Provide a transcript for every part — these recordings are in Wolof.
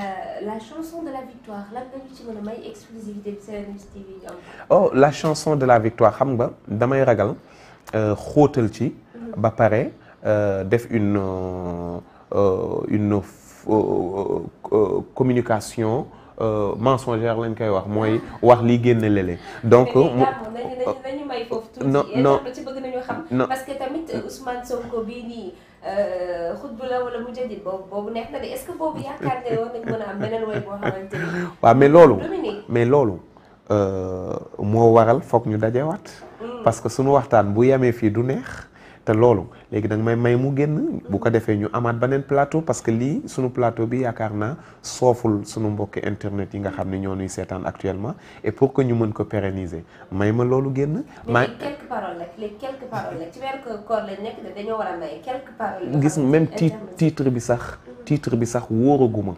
Euh, la chanson de la victoire la musique de la mën exclusivité de Sénégal TV oh la chanson de la victoire xam damay ragal euh, xóotal ci. Mhm. ba pare euh, def une une communication. mensongère lañ kay wax moy ah. wax li génn donc. non non non parce que tamit Ousmane Sonko Euh, xutba la waaw mais loolu mais loolu. Euh, moo waral foog ñu dajewaat. Mm. parce que suñu waxtaan bu yemee fii du neex. te loolu léegi da nga may may mu génn bu ko defee ñu amaat beneen plateau parce que li, sunu plateau bi yakarna soful sooful sunu mbokki internet yi nga xamni ne ñoo ñuy seetaan actuellement et pour que ñu mën ko pérenniser mayma lolu loolu génn. quelques paroles rek les quelques paroles rek ci ko koor lañ nek dañu wara may quelques paroles. gis même titre bi sax. titre bi sax wóoraguma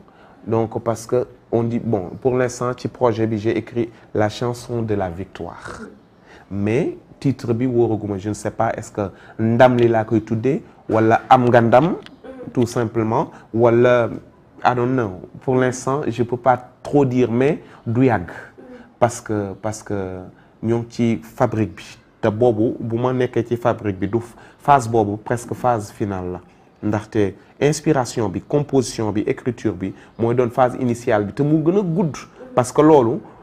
donc parce que on dit bon pour l'instant ci projet bi j'ai écrit la chanson de la victoire mm. mais titre bi wóoraguma je ne sais pas est-ce que ndam li la koy tuddee wala am nga tout simplement wala I don't know pour l'instant je peux pas trop dire mais du parce que parce que ñong ci fabrique bi te bobu buma ma ci fabrique bi du phase bobu presque phase finale la té inspiration bi composition bi écriture bi moy doon phase initiale bi te mu gëna good parce que lolu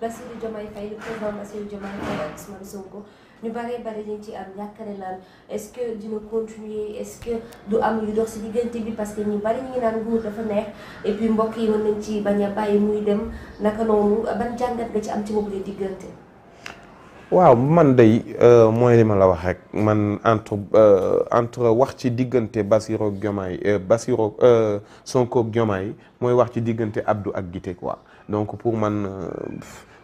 Bassirou Diomaye Faye le président Bassirou Diomaye waaw man day euh, mooy ma la wax rek euh, wax ci diggante Bassirou euh, ak Diomaye mooy wax ci diggante Abdou ak Guité quoi donc pour man.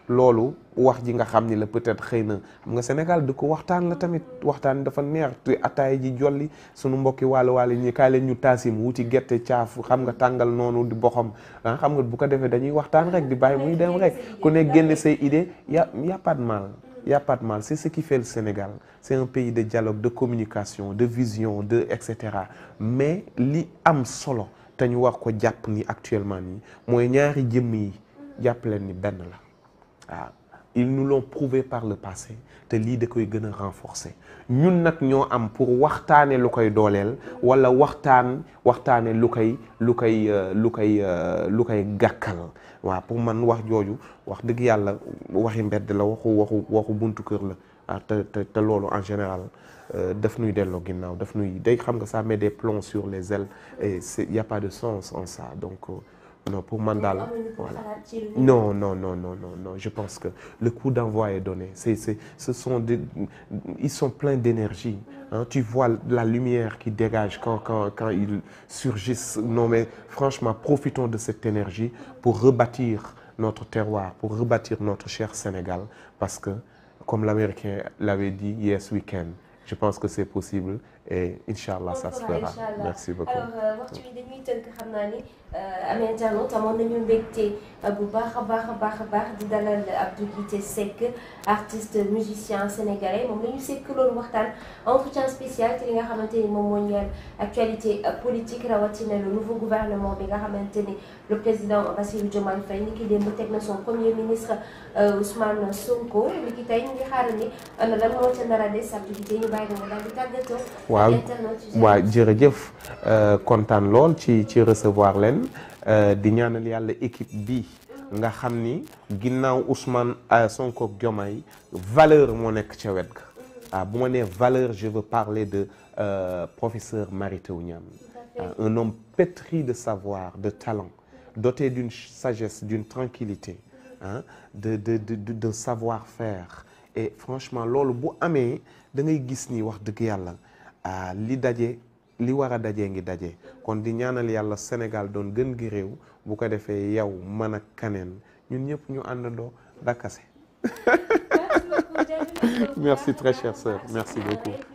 loolu wax ji nga xamni ni la peut-être xeyna xam nga Sénégal du ko waxtaan la tamit waxtaan dafa neex tu ataay ji jolli sunu mbokki walu walu ñi kaay leen ñu taasim wuti gette tiaf xam nga tangal nonu di boxam ah, xam nga bu ko defé dañuy waxtaan rek di bàyyi muy dem rek ku ne génne say idée ya y'a pas de mal y'a pas de mal c'est ce qui fait le Sénégal c'est un pays de dialogue de communication de vision de et cetera mais li am solo te ñu war ko jàpp ni actuellement nii mooy ñaari jëmm yi jàpp leen ni benn la ah. ils nous l'ont prouvé par le passé te lii renforcée. koy sommes renforcer ñun am pour lu koy wala waxtane ou lu pour man wax wax waxi mbedd la waxu waxu waxu buntu la ah, te en général euh, day des plombs sur les ailes et c'est y a pas de sens en ça donc euh, non pour Mandala. non non non non non non je pense que le coup d'envoi est donné c'est ce sont ils sont pleins d'énergie hein. tu vois la lumière qui dégage quand quand quand ils surgissent non mais franchement profitons de cette énergie pour rebâtir notre terroir pour rebâtir notre cher Sénégal parce que comme l'Américain l'avait dit yes we can je pense que c'est possible et Inch'Allah ça se fera merci beaucoup alors waxtu euh, bi dañuy tënk xam naa ni euh, amee internaute tamo nañu mbégte bu baakha baakha baakha a baax di dalal Abdou Guité artiste musicien sénégalais mom lañu ñu sekk waxtan entretien spécial ci li nga xamante ni moom moo actualité politique rawatina le nouveau gouvernement bi nga xamante le président Bassirou Diomaye Faye ni ki démb na son premier ministre euh, Ousmane Sonko ni ki tay ñu ngi ni ana lan mo ci nar a des Abdou Guité ñu bàyyi nga di tàggatoo waaw waaw jërëjëf euh, kontaan lool ci ci recevoir leen euh, di ñaanal l'équipe équipe bi nga xamni, ginnaw ginnaaw Ousmane euh, Sonko ak valeur moo nekk ca wet ah valeur je veux parler de professeur Mary un homme pétri de savoir de talent doté d'une sagesse d'une tranquillité hein, de de de de savoir-faire et franchement loolu bu amee da ngay gis ni wax dëgg yàlla li daje li war a daje ngi daje kon di ñaanal yàlla Sénégal doon gën gi réew bu ko defee yow man a kaneen ñun ñëpp ñu àndandoo dakase merci très chère sœur merci beaucoup